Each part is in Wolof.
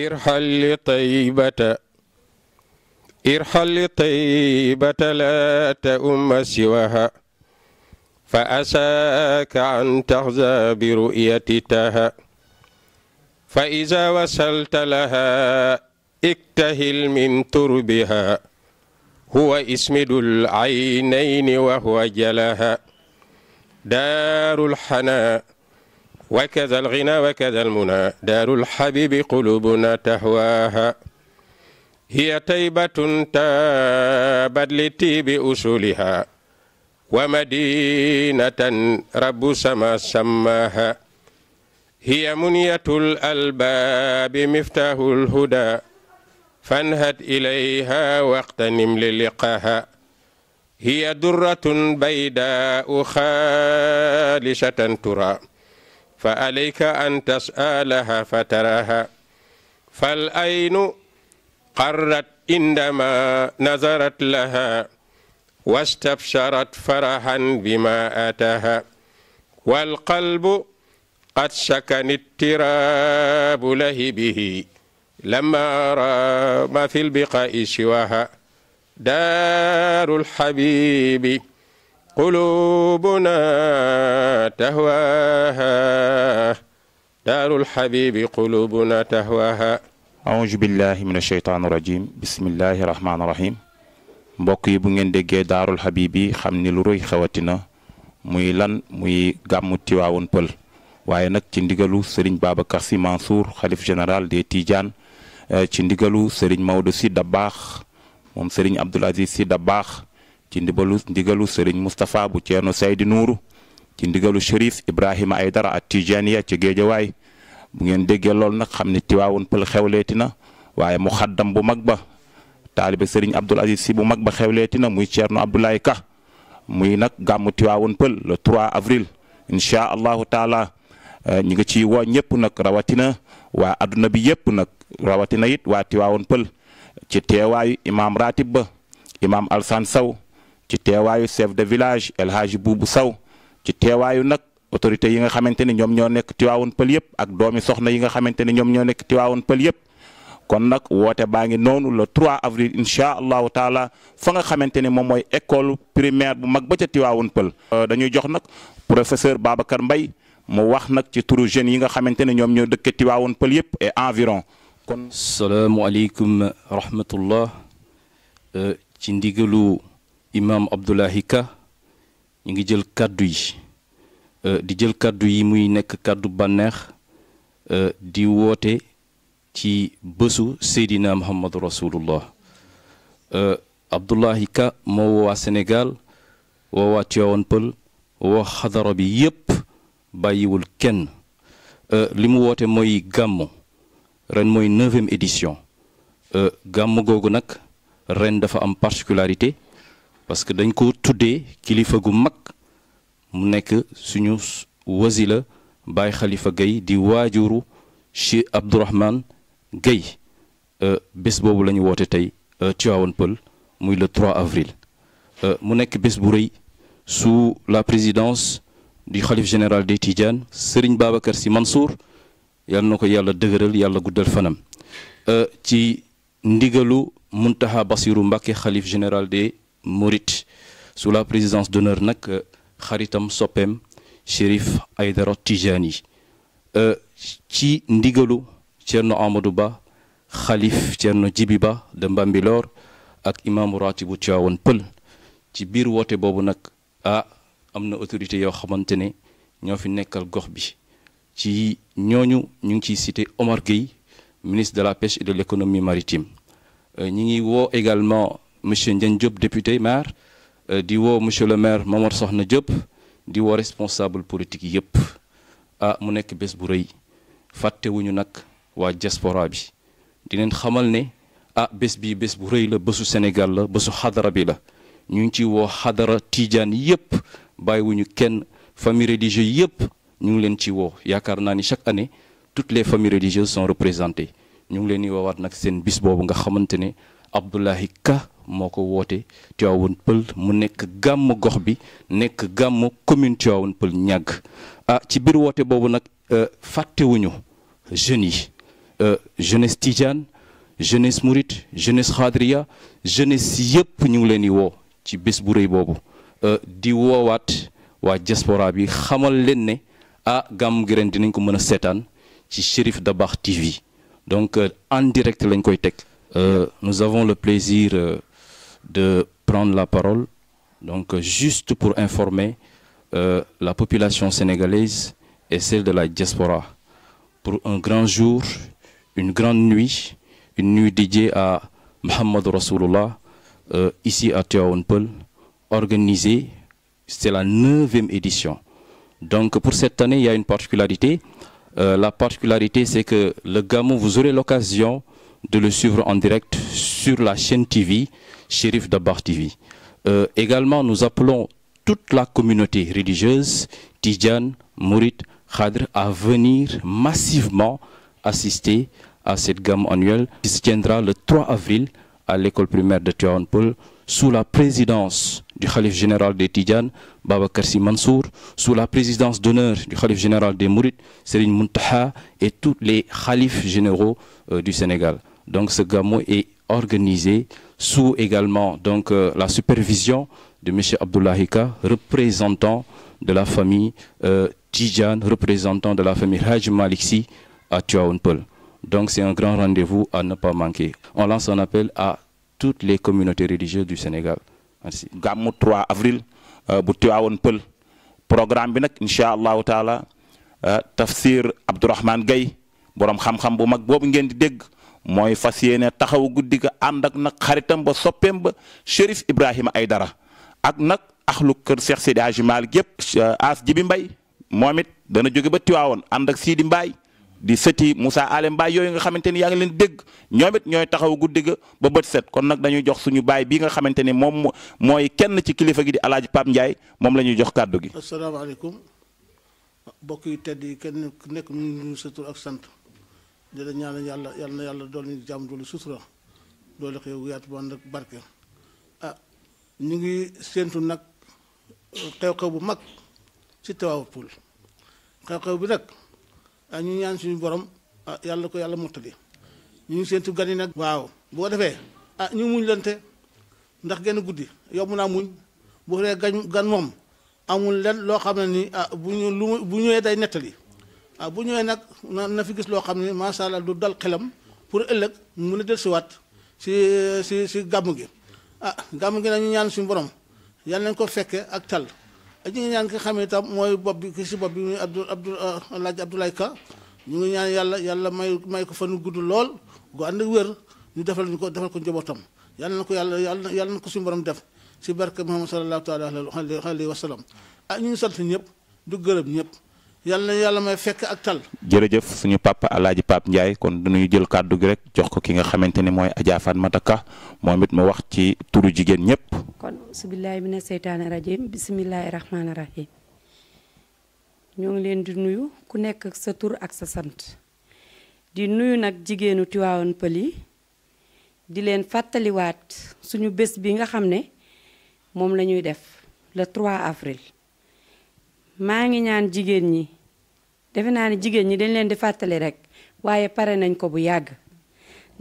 irxal li taybata irxal li taybata la ta umma siwaha fa asaaka an taxza bi ru'yati taha fa iza wasalta laha iktahil min turbiha huwa ismidul aynayni wa huwa jalaha daarul xanaa وكذا الغنى وكذا المنى دار الحبيب قلوبنا تهواها هي طيبة تابت لطيب أصولها ومدينة رب سما سماها هي منية الألباب مفتاح الهدى فانهد إليها واغتنم للقاها هي درة بيداء خالشة ترى فعليك أن تسألها فتراها فالعين قرت عندما نظرت لها واستبشرت فرحا بما أتاها والقلب قد سكن اضطراب لهبه لما رام في البقاء سواها دار الحبيب قلوبنا تهواها دار الحبيب قلوبنا تهواها أعوذ بالله من الشيطان الرجيم بسم الله الرحمن الرحيم mbokk yi bu ngeen déggee daarul xabib yi xam ni lu rëy xewatina muy lan muy gàmmu Tiwaawoon Pël waaye nag ci ndigalu Serigne Babacar Sy Mansour xalif général des Tidianes eh, ci ndigalu Serigne Maodo Sy Dabakh moom Serigne Abdoul Aziz Sy ci ndibalu ndigalu sëriñ Moustapha bu Ceerno Saydi Nuuru ci ndigalu Chérif Ibrahima Aydara at Tijaniya ci Géejawaay bu ngeen déggee lool nag xam ne Tiwaawoon Pël xewleeti na waaye mu xaddam bu mag ba taalibe sëriñ Abdul Aziz si bu mag ba xewleeti na muy Ceerno Abdoulaye Ka muy nag gàmmu Tiwaawoon Pël le 3 avril incha allahu taala eh, ñi ngi ciy woo ñëpp nag rawatina waa adduna bi yëpp nag rawatina it waa Tiwaawoon Pël ci teewaayu imaam ratib ba imaam Alsaan Saw ci teewaayu chef de village El Hadji Boubou Sow ci teewaayu nag autorités yi nga xamante ni ñoom ñoo nekk Tivaouane Pël yëpp ak doomi soxna yi nga xamante ni ñoom ñoo nekk Tivaouane Pël yëpp kon nag woote baa ngi noonu le trois avril incha allahu taala fa nga xamante ni moom mooy école primaire bu mag ba ca Tivaouane Pël euh, dañuy jox nag professeur Babacar mbay mu wax nag ci turu jeunes yi nga xamante ne ñoom ñoo dëkke Tivaouane Pël yëpp environ kon salaamualeykum rahmatullah euh, ci ndigalu imam Abdoulahi Ka ñu ngi jël kàddu yi euh, di jël kàddu yi muy nekk kàddu bànneex euh, di woote ci bésu Seydina Muhammadu Rasulullah euh, Abdoulahi Ka moo woo waa Sénégal woo waa Tivaouane xadara bi yépp bàyyiwul kenn li mu woote mooy gàmmu ren mooy neuvième édition gàmm googu nag ren dafa am particularité parce que dañ ko tuddee kilifa gu mag mu nekk suñu wasi la bàyyi xalifa Gueye di waajuru Cheikh Abdourahmane Gueye euh, bés boobu la ñu woote tey euh, Tivaouane Peulh muy le 3 avril euh, mu nekk bés bu rëy su la présidence du xalif général des Tidianes Serigne Babacar Sy Mansour yal na ko yàlla dëgëral yàlla guddal fanam ci ndigalu Muntaha Basiru Mbàkke xalif général des Mouride sous la présidence d'honneur nag euh, xaritam soppeem Chérif Aydara Tijani euh, ci ndigalu Thierno Amadou Ba xalif Thierno Djibi Ba de Mbambilor ak imaamu ratibu Tiwaawan Pël ci biir woote boobu nag ah am na autorité yoo xamante ne ñoo fi nekkal gox bi ci ñooñu ñu ngi ciy cité Omar Gueye ministre de la pêche et de l'économie maritime euh, ñi ngi woo également monsieur Ndiagne Diop député maire euh, di woo monsieur le maire Momar Soxna jëpp di woo responsable politique yëpp ah mu nekk bés bu rëy fàttewuñu nag waa diaspora bi di leen xamal ne ah bés bii bés bu rëy la bésu Sénégal la bésu xadara bi la ñu ngi ci woo xadara tiijaan yëpp bàyyiwuñu kenn famille religieux yëpp ñu ngi leen ci woo yaakaar naa ni chaque année toutes les familles religieuses sont représentées ñu ngi leen di woowaat nag seen bis boobu nga xamante ne Abdoulahi Ka moo ko woote Tivaouane Peulh mu nekk gàmm gox bi nekk gàmm commune Tivaouane Peulh ñàgg ah ci biir woote boobu nag euh, fàttewuñu jeunes yi euh, jeunesse Tidiane jeunesse Mouride jeunesse Khadria jeunesse yëpp ñu ngi leen di woo ci bés bu rëy boobu euh, di woowaat waa diaspora bi xamal leen ne ah gàmm gi dinañ ko mën a seetaan ci Cherif Dabakh TV donc en direct lañ koy teg nous avons le plaisir de prendre la parole, donc juste pour informer euh, la population sénégalaise et celle de la diaspora pour un grand jour, une grande nuit, une nuit dédiée à Mohamed Rasulullah, euh, ici à Théaounpel, organisée, c'est la neuvième édition. Donc pour cette année, il y a une particularité. Euh, la particularité, c'est que le Gamou, vous aurez l'occasion de le suivre en direct sur la chaîne TV Chérif Dabakh TV. Euh, également, nous appelons toute la communauté religieuse, Tidjane, Mouride, Khadr, à venir massivement assister à cette gamme annuelle qui se tiendra le 3 avril à l'école primaire de Tiawan-Peulh sous la présidence du Khalif général des Tidjanes, Babacar Sy Mansour, sous la présidence d'honneur du Khalif général des Mourides, Serigne Mountakha et tous les khalifes généraux euh, du Sénégal. Donc ce gamo est organiser sous également donc euh, la supervision de M. Abdoulahika, représentant de la famille euh, Tidjan, représentant de la famille Haj Maliksi à Tuaounpol. Donc c'est un grand rendez-vous à ne pas manquer. On lance un appel à toutes les communautés religieuses du Sénégal. Merci. avril euh, bu Tuaounpol programme bi nag incha allahu taala euh, tafsir Abdourahmane Gaye borom xam-xam bu mag boobu ngeen di dégg. mooy fas yéene taxaw guddi ga ànd ak nag xaritam ba soppeem ba Chérif Ibrahima ay dara ak nag axlu kër Cheikh Seydi Hadji Malick yëpp as jibi mbay moomit dana jóge ba Tiwaawoon ànd ak Sidi Mbaay di sëti Moussa Ale Mbaay yooyu nga xamante ni yaa ngi leen dëgg ñoom ñooy taxaw guddi ga ba bët set kon nag dañuy jox suñu baay bii nga xamante ni moom mooy kenn ci kilifa gi di alaaji Pape Ndiaye moom la ñuy jox kàddu gi. asalaamaaleykum mbokk yi tedd yi ak sant. di la yàlla yàlla na yàlla dool ñu jàmm doolu sutura doole ko yow yaatu ban ak barke ah ñu ngi séentu nag xew-xew bu mag ci Tivaouane xew-xew bi nag ah ñu ñaan suñu borom ah yàlla ko yàlla mottali ñu ngi séentu gan yi nag waaw boo defee ah ñu muñ lante ndax genn guddi yomb naa muñ bu dee gan gan moom amul lenn loo xam ne ni ah bu ñu lu bu ñëwee day nettali waaw ah, bu ñëwee nag na na fi gis loo xam ne macha allah du dal xelam pour ëllëg mu mën a dellusiwaat si si si gàmm gi ah gàmm gi nag ñu ñaan suñu borom yàlla nañ ko fekkee ak tal ak ah, ñi ngi ñaan ki mooy bopp bi ki si bopp bi muy Abdou Abdou ah, El Hadj Abdoulaye Ka ñu ngi ñaan yàlla yàlla may may ko nu gudd lool gu ànd ak wér ñu defal ñu ko defal ko njabootam yàlla na ko yàlla yàlla yàlla na ko si borom def si barke Muhammad sallallahu taala alayhi wa sallam ah ñu ngi sant ñëpp du gërëm ñëpp. yàlla na yàlla may fekk ak tal. jërëjëf suñu papa alaaji Pape njaay kon duñu jël kàddu gi rek jox ko ki nga xamante ni mooy Adja Fatmata Ka moom it mu wax ci turu jigéen ñëpp. kon subilaay mina seytaane rajim bisimilahi rahmaani rahim ñoo ngi leen di nuyu ku nekk sa tur ak sa sant di nuyu nag jigéenu Tiwaawan Pël yi di leen fàttaliwaat suñu bés bi nga xam ne moom la ñuy def le 3 avril. maa ngi ñaan jigéen ñi defe naa ni jigéen ñi dañ leen di fàttali rekk waaye pare nañ ko bu yàgg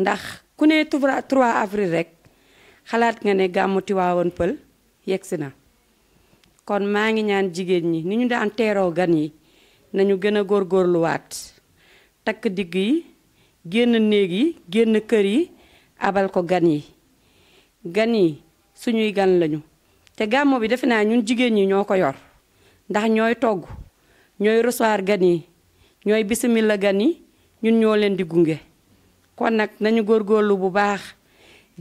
ndax ku ne 3 avril rek xalaat nga ne gàmmu Tiwaawoon Pël yegsi na kon maa ngi ñaan jigéen ñi ni ñu daan teeroo gan yi nañu gën a góorluwaat takk digg yi génn néeg yi génn kër yi abal ko gan yi gan yi suñuy gan lañu te gàmmu bi defe naa ñun jigéen ñi ñoo ko yor ndax ñooy togg ñooy recevoir gan yi ñooy bisimila gan yi ñun ñoo leen di gunge kon nag nañu góor góorlu bu baax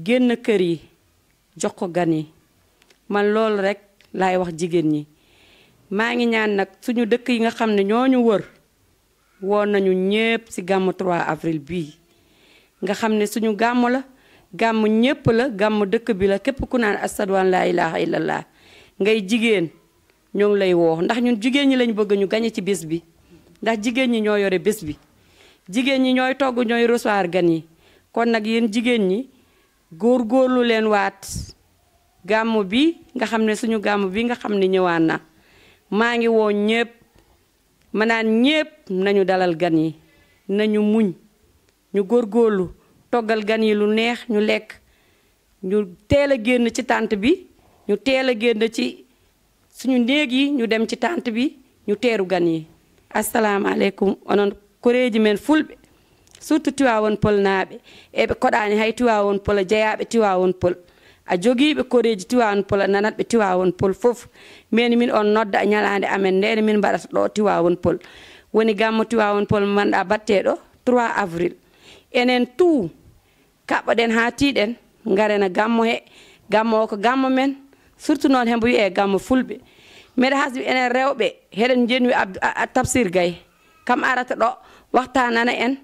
génn kër yi jox ko gan yi man loolu rekk lay wax jigéen ñi maa ngi ñaan nag suñu dëkk yi nga xam ne ñoo ñu wër woo nañu ñépp ci gàmmu 3 avril bii nga xam ne suñu gàmm la gàmm ñépp la gàmm dëkk bi la képp ku naan ak asadwan laa ilaha illallah ngay jigéen ñoo lay woo ndax ñun jigéen ñi lañu bëgg ñu gañe ci bés bi ndax jigéen ñi ñoo yore bés bi jigéen ñi ñooy togg ñooy recevoir gan yi kon nag yéen jigéen ñi góor góorlu leen waat gàmm bi nga xam ne suñu gàmm bi nga xam ne ñëwaan na maa ngi woo ñépp mënaan naan ñépp nañu dalal gan yi nañu muñ ñu góor góorlu toggal gan yi lu neex ñu lekk ñu teel a génn ci tànt bi ñu teel a génn ci suñu néeg yi ñu dem ci tànt bi ñu teeru gan yi onon koreeji men fulɓe surtout tiwawon pol naaɓe eɓe koɗani hay tiwawon pol pol a jogiiɓe koreeji tiwawon pol a nanatɓe tiwawon pol fof mbeni min ɗo tiwawon avril enen tout kaɓoɗen ha tiiɗen garena gammo he gammo ko gammo men surtout noon hen mbo wiye gamma fulɓe mbeɗa hasbi enen rewɓe heɗen jenwi tabsir gaye kam arata ɗo waxta nana en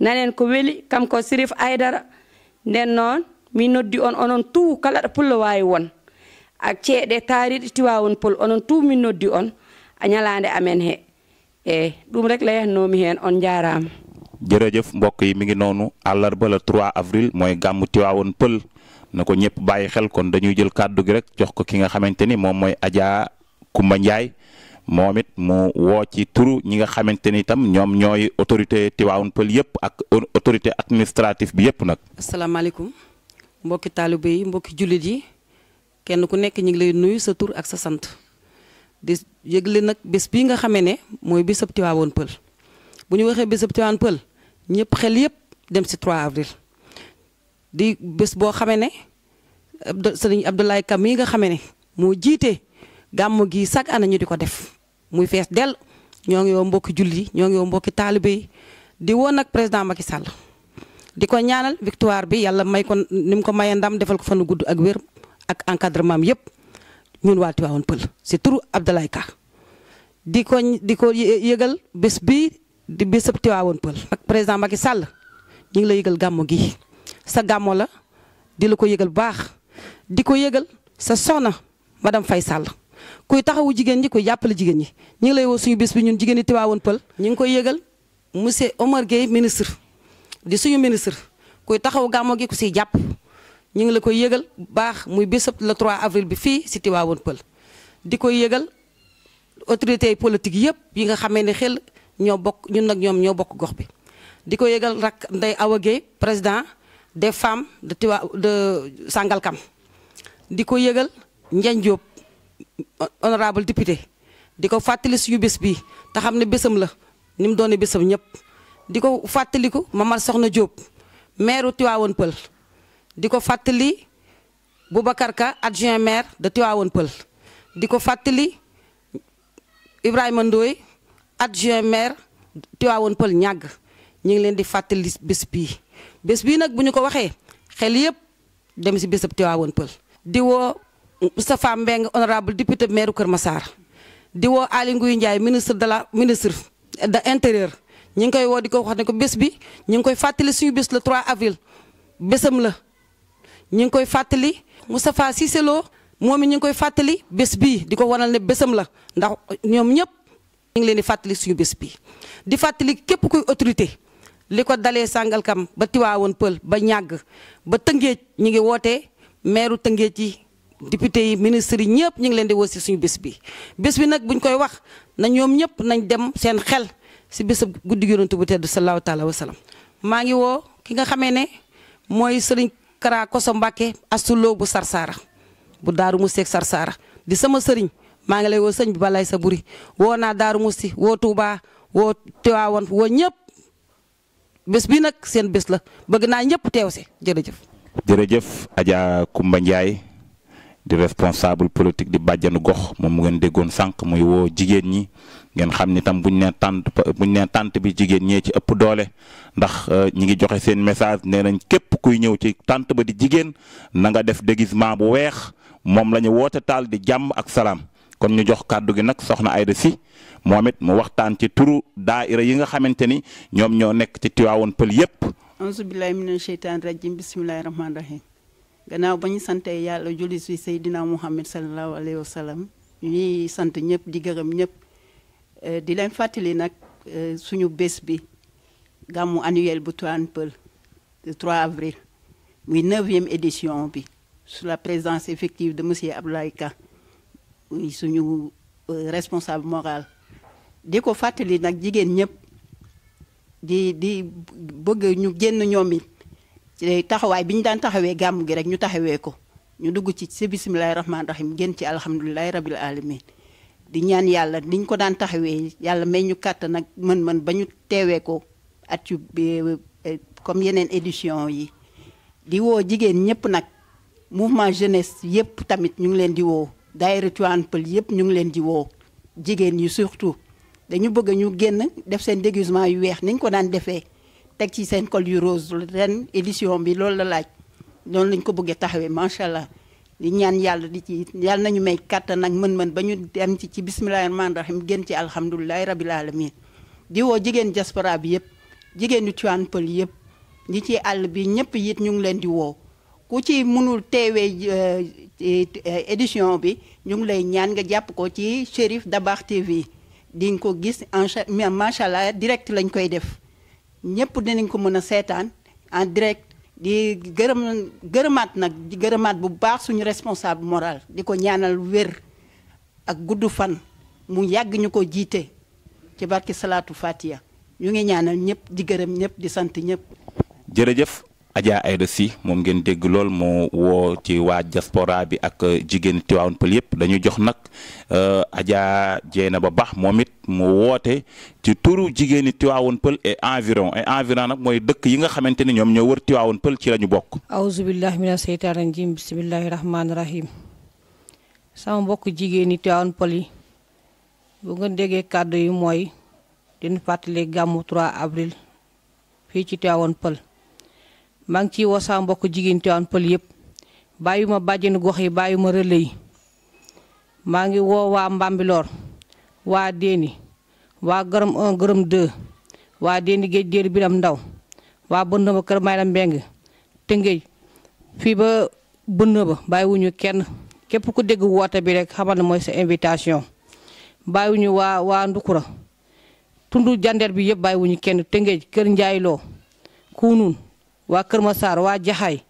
nanen ko weeli kam ko sirif aydara nden noon mi noddi on onon tout kala ɗo pullo won ak ceeɗe taariɗe tiwawon pol onon tout min noddi on a ñalande amen he eyyi ɗum rek leyatnomi hen on jarama jërëjëf mbokk yi mi ngi noonu àllarba le 3 avril mooy gàmmu tiwaawoon pël na ko ñëpp bàyyi xel kon dañuy jël kàddu gi rek jox ko ki nga xamante ni moom mooy ajaa Kumba Ndiaye moom it mu woo ci turu ñi nga xamante ni itam ñoom ñooy autorité Tivaouane Peulh yëpp ak autorité administrative bi yëpp nag. asalaamaaleykum mbokki taalibe yi mbokki jullit yi kenn ku nekk ñu ngi lay nuyu sa tur ak sa sant di yëgle nag bés bii nga xamee ne mooy bésab Tivaouane Peulh bu ñu waxee bésab Tivaouane Peulh ñëpp xel yëpp dem si 3 avril. di bés boo xamee ne sëriñ Abdoulaye Ka mii nga xamee ne moo jiite gàmm gi chaque année ñu di ko def muy fees dell ñoo ngi yow mbokki julli ñoo ngi yow mbokki taalibe yi di woon nag président Macky Sall di ko ñaanal victoire bi yàlla may ko ni ko mayee ndam defal ko fanu gudd ak wér ak encadrement yépp ñun waa Tivaouane Peulh si turu Abdoulaye Ka di ko di ko yëgal bés bi di bésab Tivaouane Peulh ak président Macky Sall ñu ngi la yëgal gàmmu gi sa gàmmoo la di la ko yëgal bu baax di ko yëgal sa soxna madame fay Sall kuy taxawu jigéen ñi kuy jàppale jigéen ñi ñu ngi lay woo suñu bis bi ñun jigéen ñi Tivaouane Peulh ñu ngi koy yëgal monsieur Omar ministre di suñu ministre kuy taxawu gàmmo gi siy jàpp ñu ngi la koy yëgal baax muy bésab le 3 avril bi fii si Tivaouane Peulh di koy yëgal autorités politiques yëpp yi nga xamee ne xel ñoo bokk ñun nag ñoom ñoo bokk gox bi di ko yëgal rak Ndeye Awa Gueye président des femmes de Tiwa de Sangalkam di ko yëgal Ndiagne Diop honorable député di ko fàttali suñu bés bi te xam ne bésam la ni mu doone bésam ñëpp di ko fàttaliku Mamar Soxna Diop maire Tivaouane Peulh di ko fàttali Boubacar Ka adjoint maire de Tivaouane Peulh di ko fàttali Ibrahima Ndoye adjoint maire Tivaouane Peulh ñàgg ñu ngi leen di fàttali bés bii bés bii nag bu ñu ko waxee xel yëpp dem si bésab won Pël di woo Moustapha Mbeng honorable député maire Kër Massar di woo Aly Ngouille Ndiaye ministre de la ministre de l'intérieur ñu ngi koy woo di ko wax ne ko bés bi ñu ngi koy fàttali suñu bés le 3 avril bésam la ñu ngi koy fàttali Moustapha Cissé Lo moom it ñu ngi koy fàttali bés bi di ko wanal ne bésam la ndax ñoom ñëpp ñu ngi leen di fàttali suñu bés bi di fàttali képp kuy autorité li ko dalee kam ba Tiwaawoon Pël ba ñàgg ba Tëngéej ñu ngi woote meeru Tëngéej yi député yi ministre yi ñëpp ñu ngi leen di woo si suñu bés bi. bés bi nag buñ koy wax na ñoom ñëpp nañ dem seen xel si bésab guddi yonent bu tedd sallallahu taala wa maa ngi woo ki nga xamee ne mooy sëriñ Kara Koso Mbàkke astuloo bu Sarsara bu Daaru Musti ak Sarsara di sama sëriñ maa ngi lay woo sëñ bi balay sa buri woo naa Daaru Musti woo Touba woo Tiwaawoon woo ñëpp. bés bi nag seen bés la bëgg naa ñëpp teew si jërëjëf. jërëjëf Adja Kumba Ndiaye di responsable politique di bàjjanu gox moom mu ngeen déggoon sànq muy woo jigéen ñi ngeen xam ni tam buñ ne tànt buñ ne tànt bi jigéen ñee ci ëpp doole ndax euh, ñi ngi joxe seen message nee nañ képp kuy ñëw ci tànt ba di jigéen na nga def déguisement bu weex moom lañu woote taal di jàmm ak salaam. kon ñu jox kàddu gi nag soxna Aida Sy moom it mu waxtaan ci turu daaira yi nga xamante ni ñoom ñoo nekk ci Tiwaawoon Pël yépp auzu billaahi mina sheytaani rajiim bismillaahi rahmaani rahiim gannaaw ba ñu sante yàlla julli si Seydina Muhammad sallallahu alayhi wa sallam ñuy sant ñëpp di gërëm ñëpp eh, di leen fàttali nag eh, suñu bés bi gàmmu annuel bu Tivaouane Peulh trois 3 avril muy neuvième édition bi sous la présence effective de monsieur Abdoulaye Ka suñu euh, responsable moral di ko fàttali nag jigéen ñëpp di di bëgg ñu génn ñoom it ci taxawaay bi ñu daan taxawee gàmm gi rek ñu taxawee ko ñu dugg ci si bisimilahi rahmaani rahim génn ci alhamdulilahi rabil alamin di ñaan yàlla niñ ko daan taxawee yàlla may ñu kàttan nag mën-mën ba ñu teewee ko at yu euh, comme yeneen édition yi di woo jigéen ñëpp nag mouvement jeunesse yëpp tamit ñu ngi leen di woo daayira Tivaouane Peulh yëpp ñu ngi leen di woo jigéen ñi surtout dañu bëgg ñu génn def seen déguisement yu weex niñ ko daan defee teg ci seen col yu rose ren édition bi loolu la laaj loolu lañ ko bëggee taxawee macha allah di ñaan yàlla di ci yàlla nañu may kàttan ak mën-mën ba ñu dem ci ci bismillah rahmaani rahim génn ci alhamdulilahi rabil alamin di woo jigéen diaspora bi yëpp jigéen ñu Tivaouane Peulh yëpp ñi ci àll bi ñëpp yit ñu ngi leen di woo ku ci mënul teewee euh, édition bi ñu ngi lay ñaan nga jàpp ko ci Cherif Dabakh TV di nga ko gis en macha allah direct lañ koy def ñëpp dinañ ko mën a seetaan en direct di gërëm gërëmaat nag gërëmaat bu baax suñu responsable moral di ko ñaanal wér ak gudd fan mu yàgg ñu ko jiite ci barki salaatu fatiha ñu ngi ñaanal ñëpp di gërëm ñëpp di sant ñëpp. jërëjëf Adja Aïda Sy moom ngeen dégg lool moo woo ci waa diaspora bi ak jigéen Tivaouane pël yëpp dañu jox nag euh, Adja Dieynaba Ba moom it moo woote ci turu jigéeni Tivaouane Peulh et environ et environ nag mooy dëkk yi nga xamante ni ñoom ñoo wër tiwaawoon Peulh ci la ñu bokk. awuzu billahi mina seytaan rajim bismillahi rahmaani rahim sama mbokk jigéeni Tivaouane Peulh yi bu nga déggee kàddu yi mooy dina fàttali gàmmu 3 avril fii ci Tivaouane Peulh. maa ngi ciy woo saa mbokk jigéen Tivaouane Pël yëpp bàyyuma bàjjenu gox yi bàyyuma relais yi maa ngi woo waa Mbambilor waa Déni waa Gorom 1 Gorom 2 waa Déni géej déer Biram Ndaw waa bënd ba kër Mayla Mbeng Tëngéej fii ba bënd ba bàyyiwuñu kenn képp ku dégg woote bi rek xamal na mooy sa invitation bàyyiwuñu waa waa Ndukura tundu jandeer bi yëpp bàyyiwuñu kenn Tëngéej kër Njaayloo Kuunun waa Kër Massar waa Jaxaay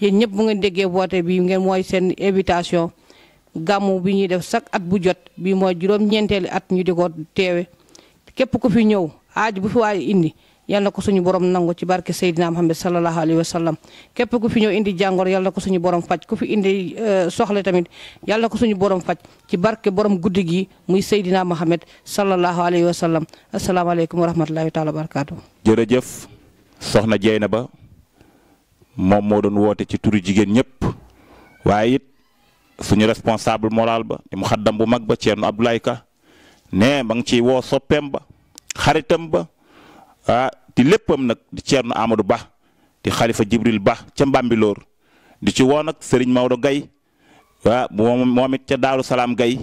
yéen ñëpp bu ngeen déggee woote bii ngeen mooy seen invitation gàmmu bi ñuy def chaque at bu jot bii mooy juróom-ñeenteeli at ñu di ko teewe képp ku fi ñëw aaj bu fi waay indi yal ko suñu borom nangu ci barke Seydina Muhammad sallallahu alayhi wa sallam képp ku fi ñëw indi jàngoro yal na ko suñu borom faj ko fi indi euh, soxla tamit yal na ko suñu borom faj ci barke borom guddi gi muy Seydina Muhammad sallallahu alayhi wa sallam asalaamaaleykum wa rahmatullahi taala wa barakaatu. jërëjëf soxna moom moo doon woote ci turu jigéen ñëpp waaye it suñu responsable moral ba di mu xaddam bu mag ba Thierno Abdoulaye Ka ne ma ngi ciy woo soppeem ba xaritam ba ah ti léppam nag di Thierno Amadou Ba di xalifa Jibril Ba ca Mbambilor di ci woo nag Serigne Maodo Gaye ah moom it ca Daaru Salaam Gaye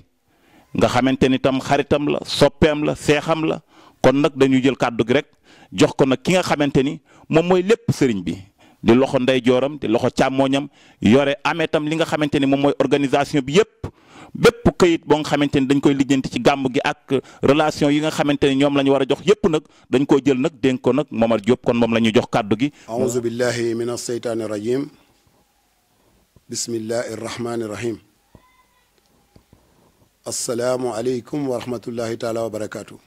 nga xamante ni tam xaritam la soppeem la seexam la kon nag dañuy jël kàddu gi rek jox ko nag ki nga xamante ni moom mooy lépp sëriñ bi. di loxo ndeyjooram di loxo càmmooñam yore amee li nga xamante ni moom mooy organisation bi yépp bépp kayit boog nga xamante ni dañ koy lijjanti ci gàmb gi ak relation yi nga xamante ni ñoom la ñu war a jox yépp nag dañ koo jël nag dénk ko nag Momar Diop kon moom la ñuy jox kàddu gi aouzu billahi min alseytaani rajim bismillahi arrahmani rahim asalaamu aleykum wa rahmatullahi taala wa barakaatu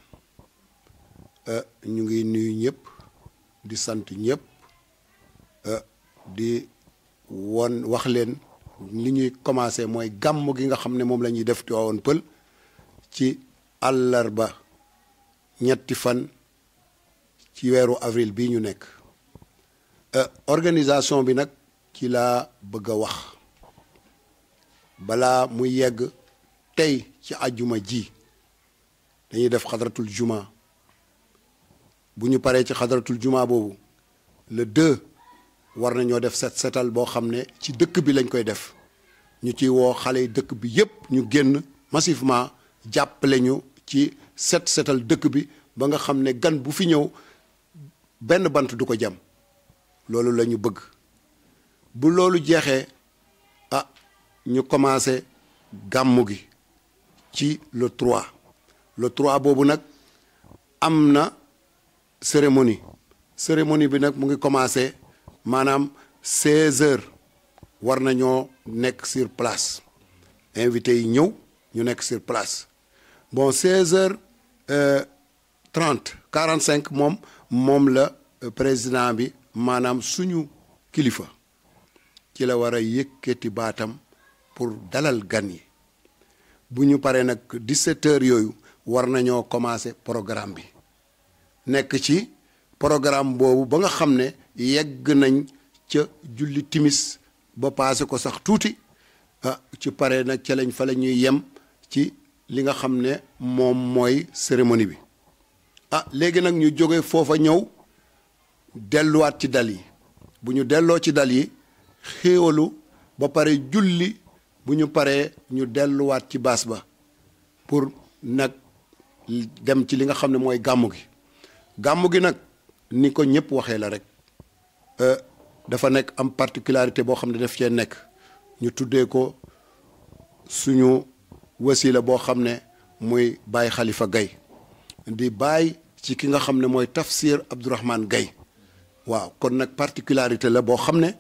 eh, ñu ngi nuyu ñëpp di sant ñëpp Euh, di woon wax leen li ñuy commencé mooy gàmm gi nga xam ne moom la ñuy def Tiwaawoon Pël ci àllarba ñetti fan ci weeru avril bii ñu nekk euh, organisation bi nag ci laa bëgg a wax balaa mu yegg tey ci àjjuma ji dañuy def xadratul juma bu ñu paree ci xadratul juma boobu le 2 war nañoo def set setal boo xam ne ci dëkk bi lañ koy def ñu ci woo xale yi dëkk bi yépp ñu génn massivement jàppale ñu ci set setal dëkk bi ba nga xam ne gan bu fi ñëw benn bant du ko jam loolu la ñu bëgg bu loolu jeexee ah ñu commencé gàmmu gi ci le 3 le 3 boobu nag am na cérémonie cérémonie bi nag mu ngi commencé maanaam 16 heures war nañoo nekk sur place invité yi ñëw ñu nekk sur place bon 16 heures 30 euh, cinq moom moom la euh, président bi maanaam suñu kilifa ci la war a yëkkati baatam pour dalal gan yi bu ñu paree nag 17 heures yooyu war nañoo commencer programme bi nekk ci. programme boobu ba nga xam ne yegg nañ ca julli timis ba paase ko sax tuuti ah, ci pare nag ca fa la ñuy yem ci li nga xam ne moom mooy cérémonie bi ah léegi nag ñu jóge foofa ñëw delluwaat ci dal yi bu ñu delloo ci dal yi xéewalu ba pare julli bu ñu paree ñu delluwaat ci baas ba pour nag dem ci li nga xam ne mooy gàmmu gi gàmmu gi nag ni ko ñëpp waxee la rek euh, dafa nekk am particularité boo xam ne daf cee nekk ñu tuddee ko suñu wasila boo xam ne muy bàyyi xalifa Gaye di bàyyi ci ki nga xam ne mooy tafsir Abdourahmane Gaye waaw kon nag particularité la boo xam ne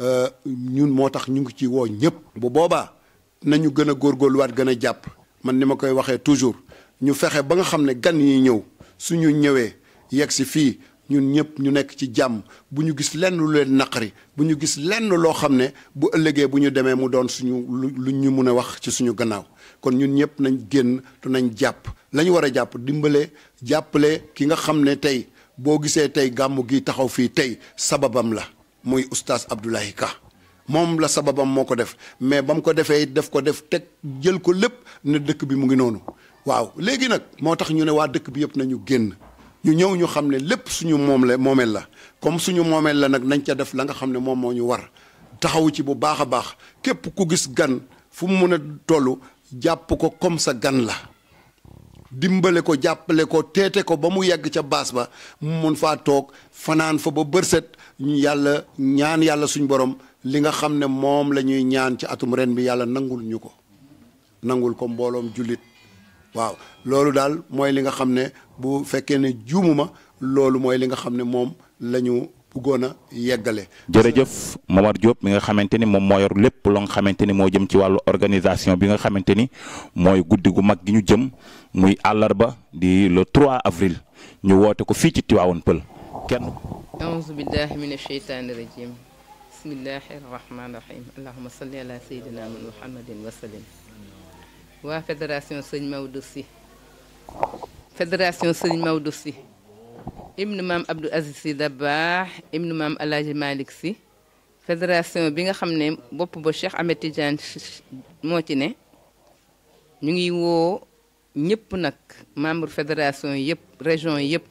euh, ñun moo tax ñu ngi ci woo ñëpp bu boobaa nañu gën a góor góorgóorluwaat gën a jàpp man ni ma koy waxee toujours ñu fexe ba nga xam ne gan yi ñëw suñu ñëwee yegg si fii ñun ñëpp ñu nekk ci jàmm bu ñu gis lenn lu leen naqari bu ñu gis lenn loo xam ne bu ëllëgee bu ñu demee mu doon suñu lu ñu mun a wax ci suñu gannaaw kon ñun ñëpp nañ génn tu nañ jàpp la ñu war a jàpp dimbale jàppale ki nga xam ne tey boo gisee tey gàmmu gi taxaw fii tey sababam la muy oustaz Abdoulaye Ka moom la sababam moo ko def mais ba mu ko defee def ko def teg jël ko lépp ne dëkk bi mu ngi noonu waaw léegi nag moo tax ñu ne waa dëkk bi yëpp nañu génn ñu ñëw ñu xam ne lépp suñu moom la moomeel la comme suñu moomeel la nag nañ ca def la nga xam ne moom moo ñu war taxawu ci bu baax a baax képp ku gis gan fu mu mën a toll jàpp ko comme sa gan la dimbale ko jàppale ko teete ko ba mu yegg ca baas ba mun faa toog fanaan fa ba bërset ñu yàlla ñaan yàlla suñu borom li nga xam ne moom la ñuy ñaan ci atum ren bi yàlla nangul ñu ko nangul ko mbooloom jullit waaw loolu daal mooy li nga xam ne bu fekkee ne juumuma loolu mooy li nga xam ne moom la ñu bëggoon a yeggale. jërëjëf Momar Diop mi nga xamante ni moom moo yor lépp loo xamante ni moo jëm ci wàllu organisation bi nga xamante ni mooy guddi gu mag gi ñu jëm muy àllarba di le 3 avril ñu woote ko fii ci Tivaouane Pël kenn. aouzu billahi mina sheytaani rajim bismillahi rahmaani rahim allahumma salli ala sayyidina muhammadin wa sallim waa fédération sëñ Maodo si fédération sëñ Maodo Sy ibnu maam Abdou Aziz Sy Dabakh maam Alaaji Malick si fédération bi nga xam ne bopp ba Cheikh Ahmed Tidiane moo ci ne ñu ngi woo ñëpp nag membre fédération yëpp région yëpp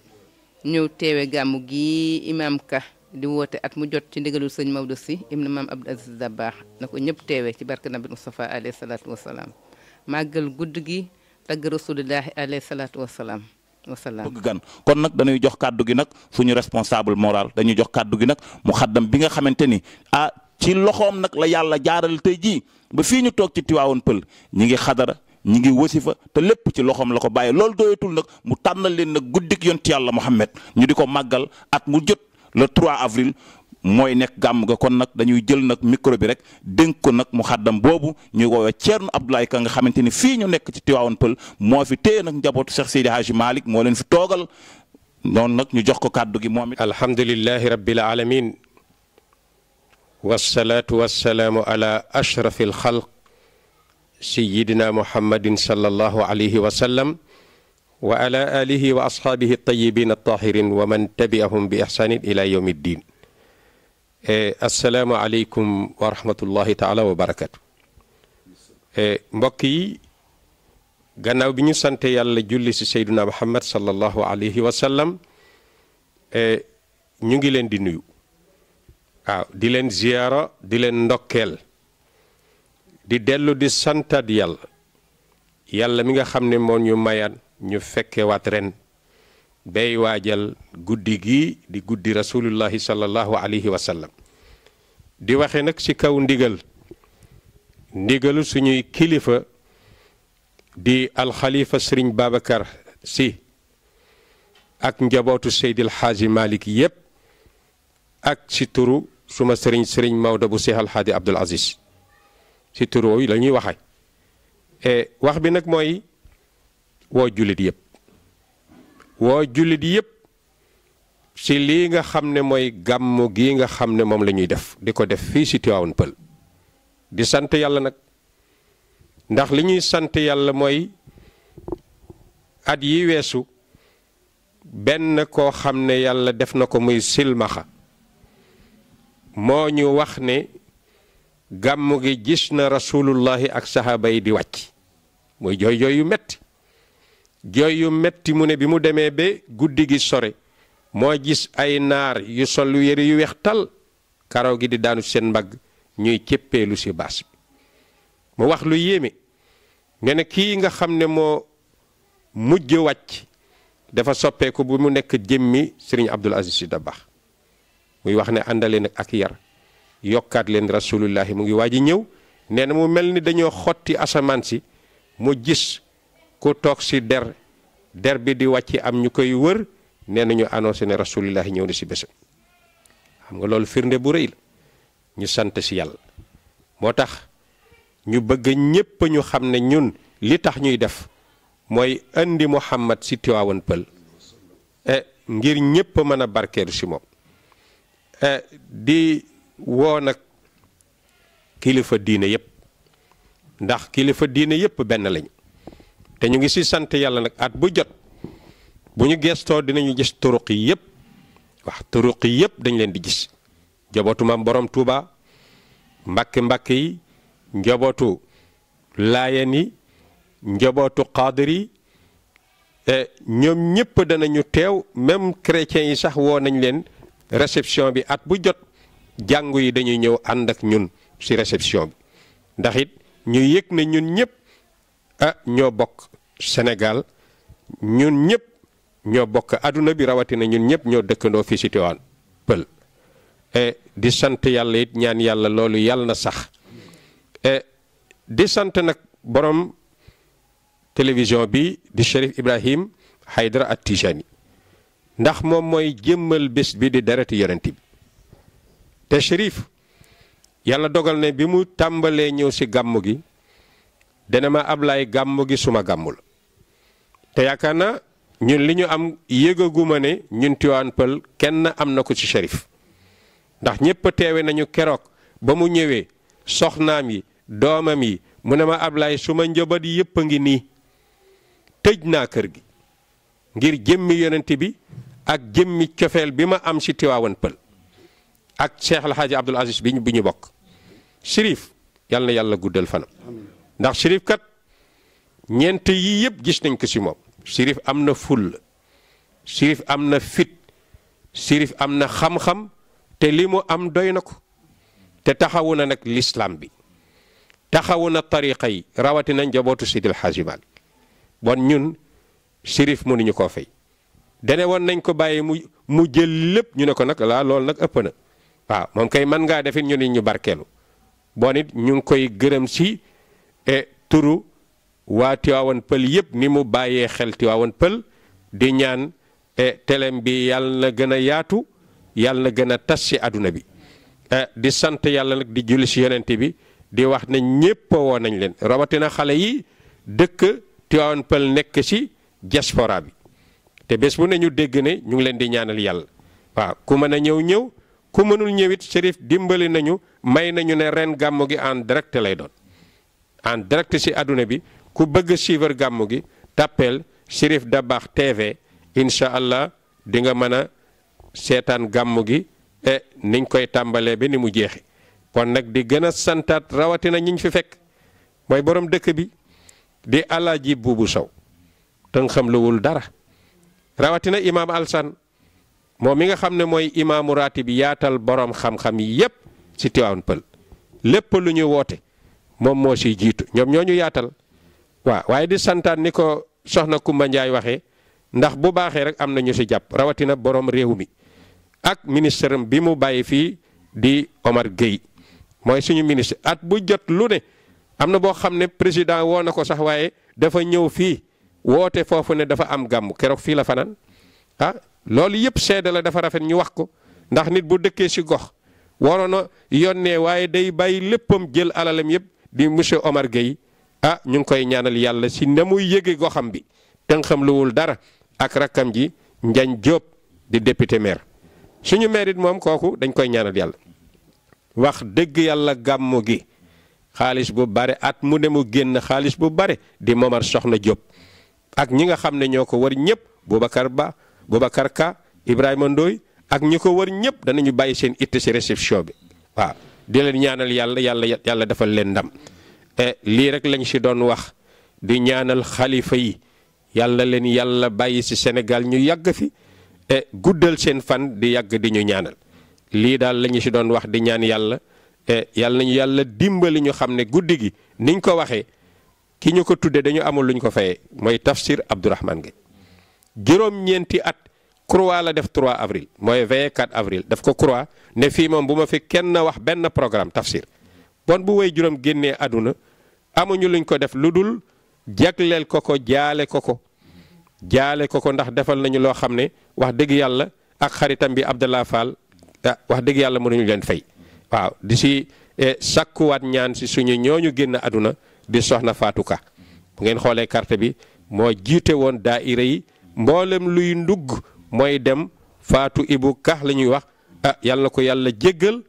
ñëw teewe gàmmu gi imam ka di woote at mu jot ci ndigalul sëñ Maodo Sy ibnu maam Abdou Aziz baax na ko ñëpp teewe ci barke nabi Moustapha alayhi salaatu wasalaam màggal gudd gi tagg rasulillahi alayhi salaatu wasalaam wasalaam bëgg gan kon nag dañuy jox kàddu gi nag suñu responsable moral dañuy jox kàddu gi nag mu xaddam bi nga xamante ni ah ci loxoom nag la yàlla jaaral tey jii ba fii ñu toog ci Tiwaawoon Pël ñi ngi xadara ñi ngi wasifa te lépp ci loxoom la ko bàyyee loolu doyatul nag mu tànnal leen nag guddik yonti yàlla Muhammad ñu di ko màggal at mu jot le trois avril mooy nekk gàmm ga kon nag dañuy jël nag micro bi rek dénk kon nag mu xàddam boobu ñu woowee Thierno Abdoulaye Ka nga xamante ni fii ñu nekk ci Tivaouane Peulh moo fi téye nag njabootu Cheikh Seydi Hadji Malick moo leen fi toogal noonu nag ñu jox ko kàddu gi moom it. alhamdulilahi rabbil alamin wasalaatu wasalaamu ala ashrafi alxalq sayidina muhammadin sallallahu alayhi wa sallam wa ala alihi wa wa man tabi'ahum bi ihsanin ila yawmi ddin Eh, asalaamaaleykum wa rahmatullahi taala wa barakatu eh, mbokk yi gannaaw bi ñu sante yàlla julli ci sayduna muhammad sallallahu alayhi wa eh, ñu ngi leen di nuyu waaw di leen ziyaara di leen ndokkeel di dellu di santaat yàlla yàlla mi nga xam ne moo ñu mayaan ñu fekkewaat ren bay waajal guddi gi di guddi rasulullahi sallallahu alayhi wa di waxe nag ci kaw ndigal ndigalu suñuy kilifa di alxalifa sëriñ Babacar si ak njabootu Seydil Xaaji Malik yépp ak ci turu suma sëriñ sëriñ Maodo bu Seex Alxaaji Abdul Aziz ci turu yooyu lañuy ñuy waxe e, wax bi nag mooy woo jullit yépp woo jullit yépp ci lii nga xam ne mooy gàmmu gii nga xam ne moom la ñuy def di ko def fii ci Tivaouane Peulh di sant yàlla nag ndax li ñuy sant yàlla mooy at yi weesu benn koo xam ne yàlla def na ko muy silmaxa moo ñu wax ne gàmmu gi gis na rasulullahi ak saxaaba yi di wàcc muy jooy jooy yu metti jooy yu metti mu ne bi mu demee ba guddi gi sore moo gis ay naar yu sol yére yu weex tal karaw gi di daanu seen mbagg ñuy céppeelu si baas bi mu wax lu yéeme ne na kii nga xam ne moo mujj wàcc dafa soppeeku bu mu nekk jëmmi sëriñ Abdul Aziz Sy Dabakh muy wax ne àndaleen ak ak yar yokkaat leen rasulullahi mu ngi waaj a ñëw nee mu mel ni dañoo xotti asamaan si mu gis ku toog si der der bi di wàcc am ñu koy wër nee nañu annoncé ne rasulillahi ñëw na si bés xam nga loolu firnde bu rëy la ñu sant si yàlla moo tax ñu bëgg ñépp ñu xam ne ñun li tax ñuy def mooy indi muhammad si Tiwaawan Pël e, ngir ñépp mën a barkeeru si moom e, di woo nag kilifa diine yépp ndax kilifa diine yépp benn lañu te ñu ngi si sant yàlla nag at bu jot bu ñu gestoo dinañu gis turuq yi yëpp wax turuq yi yëpp dañ leen di gis njabootu boroom borom Touba mbàkk mbàkk yi njabootu laayeen yi njabootu xaadir yi ñoom ñëpp danañu teew même chrétiens yi sax woo nañ leen réception bi at bu jot jàngu yi dañuy ñëw ànd ak ñun ci réception bi ndax ñu yëg ne ñun ñëpp Ah, ñoo bokk Sénégal ñun ñëpp ñoo bokk àdduna bi rawatina ñun ñëpp ñoo dëkkandoo fii si Tivaouane Peulh eh, di sant yàlla it ñaan yàlla loolu yàlla na sax e di sant nag boroom télévision bi di Chérif Ibrahim Haydara at Tijani ndax moom mooy jëmmal bés bi di dereti yonent bi te Chérif yàlla dogal na bi mu tàmbalee ñëw si gàmm gi dana ma Ablaye gàmm gi suma gàmmul te yaakaar naa ñun li ñu am yëgaguma ne ñun Tivaouane kenn am na ko ci Cherif ndax ñëpp teewe nañu keroog ba mu ñëwee soxnaam yi doomam yi mu ne ma Ablaye suma njaboot yëpp a ngi nii tëj naa kër gi ngir jëmmi yonent bi ak jëmmi cofeel bi ma am ci Tivaouane Peulh ak Cheikh El Hadji Abdoul Aziz bi ñu bokk Cherif yàlla na yàlla guddal fanam ndax shérif kat ñeent yii yëpp gis nañ ko ci moom shérif am na fulla shérif am na fit shérif am na xam-xam te li mu am doy na ko te taxawu na nag lislaam bi taxawu na tariqa yi rawatina njabootu Sidil Hadji Malick bon ñun shérif mënuñu ko fay dene woon nañ ko bàyyi mu mu jël lépp ñu ne ko nag laa lool nag ëpp na waaw moom kay mën ngaa defit ñu ni ñu barkeelu bon it ñu ngi koy gërëm si e turu waa Tiwaawan Pël yëpp ni mu bàyyee xel tiwaawanpël di ñaan e telem bi yàlla na gën a yaatu yàlla na gën a tas ci àdduna bi e di sant yàlla nag di julli ci yenent bi di wax ne ñépp woo nañ leen rawatina xale yi dëkk Tiwaawan nekk ci diaspora bi te bés bu ne ñu dégg ne ñu ngi leen di ñaanal yàlla waaw ku mën a ñëw ñëw ku mënul ñëwit serif dimbali nañu may nañu ne ren gàmmu gi en direct lay doon en direct ci àdduna bi ku bëgg suivre gàmmu gi tàppeel Chérif Dabakh TV incha allah dinga nga mën a seetaan gàmmu gi e niñ koy tàmbalee ba ni mu jeexe kon nag di gën a santaat rawatina ñiñ fi fekk mooy borom dëkk bi di alaaji buubu saw tëng xam luwul dara rawatina imaam alsan moom mi nga xam ne mooy imaamu raati bi yaatal borom xam-xam yi yépp ci Tivaouane Peulh lépp lu ñu woote moom moo siy jiitu ñoom ñoo ñu yaatal waaw waaye di santaan ni ko soxna Kumba Ndiaye waxee ndax bu baaxee rek am na ñu si jàpp rawatina borom réew mi ak ministre bi mu bàyyi fii di Omar Gueye mooy suñu ministre at bu jot lu ne am na boo xam ne président woo na ko sax waaye dafa ñëw fii woote foofu ne dafa am gàmm keroog fii la fanaan ah loolu yëpp seede la dafa rafet ñu wax ko ndax nit bu dëkkee si gox waroon a yónnee waaye day bàyyi léppam jël alalam yëpp bi monsieur Omar Gueye ah ñu ngi koy ñaanal yàlla si na muy yëge goxam bi tënxam luwul dara ak rakkam ji Ndiagne Diop di député maire suñu maire it moom kooku dañ koy ñaanal yàlla wax dëgg yàlla gàmmu gi xaalis bu bare at mu ne mu génn xaalis bu bare di Momar Soxna Diop ak ñi nga xam ne ñoo ko war ñëpp Boubacar Ba Boubacar Ka Ibrahima Ndoy ak ñi ko wër ñëpp danañu bàyyi seen itte ci réception bi waaw di leen ñaanal yàlla yàlla yàlla defal leen ndam te lii rek lañu si doon wax di ñaanal xalifa yi yàlla leen yàlla bàyyi si Sénégal ñu yàgg fi te guddal seen fan di yàgg di ñu ñaanal lii daal la ñu si doon wax di ñaan yàlla te yàlla nañu yàlla dimbali ñu xam ne guddi gi niñ ko waxee ki ñu ko tuddee dañu amul luñ ko fayee mooy Tafsir Abdourahmane Gueye juróom-ñeenti at. croix la def trois avril mooy veillé 4 avril daf ko crois ne fii moom bu ma fi kenn wax benn programme tafsir bon bu way juróom génnee àdduna amuñu luñ ko def lu dul jagleel ko ko jaale ko ko jaale ko ko ndax defal nañu loo xam ne wax dëgg yàlla ak xaritam bi Abdallah Fall ah, wax dëgg yàlla mënuñu leen fay waaw di si eh, sakkuwaat ñaan si suñu ñooñu génn àdduna di soxna faatuka bu ngeen xoolee carte bi moo jiite woon daa daayira yi mboolem luy ndugg. mooy dem faatu ibu kaax la ñuy wax ah yàlla na ko yàlla jéggal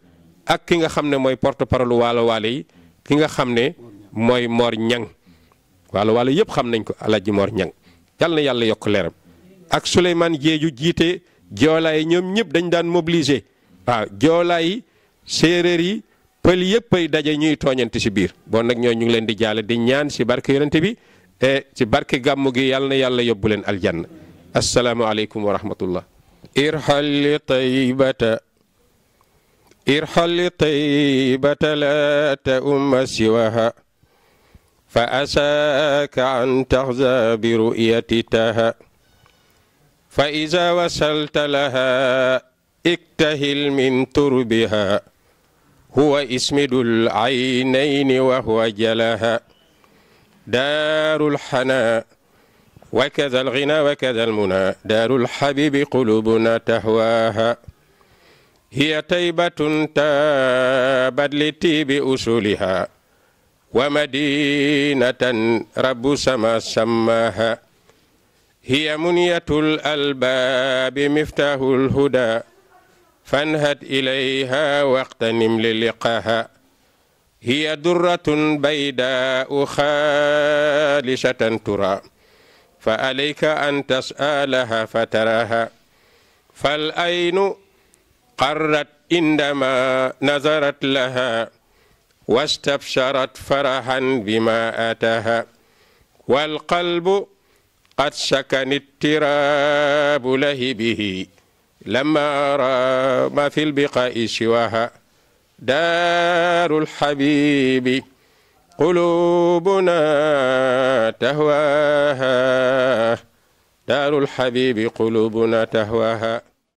ak ki nga xam ne mooy porte parole waalo waalo yi ki nga xam ne mooy Mor Ñang waalo waalo yëpp xam nañ ko alaji Mor Ñang yàlla na yàlla yokk leeram ak Souleymane Jeeju jiite joolaay ñoom ñëpp dañ daan mobiliser waaw ah, joolaay yi séeréer yi pël yëpp ay daje ñuy tooñante si biir bon nag ñoo ñu ngi leen di jaale di ñaan si barke yonente bi e si barke gàmmu gi yàlla na yàlla yóbbu leen aljanna asalaamualeykum wa rahmatullah irxal li taybata irxal li taybata la ta umma siwaha fa asaaka an taxza bi ruyati taha fa ida wasalta laha iktahil min turbiha huwa ismidul aynayni wa huwa jalaha daarul xanaa وكذا الغنى وكذا المنى دار الحبيب قلوبنا تهواها هي طيبة تابت لطيب أصولها ومدينة رب سما سماها هي منية الألباب مفتاح الهدى فانهت إليها واغتنم للقاها هي درة بيداء خالصة ترى فعليك أن تسألها فتراها فالعين قرت عندما نظرت لها واستبشرت فرحا بما أتاها والقلب قد سكن اضطراب لهبه لما رام في البقاء سواها دار الحبيب قلوبنا تهواها دار الحبيب قلوبنا تهواها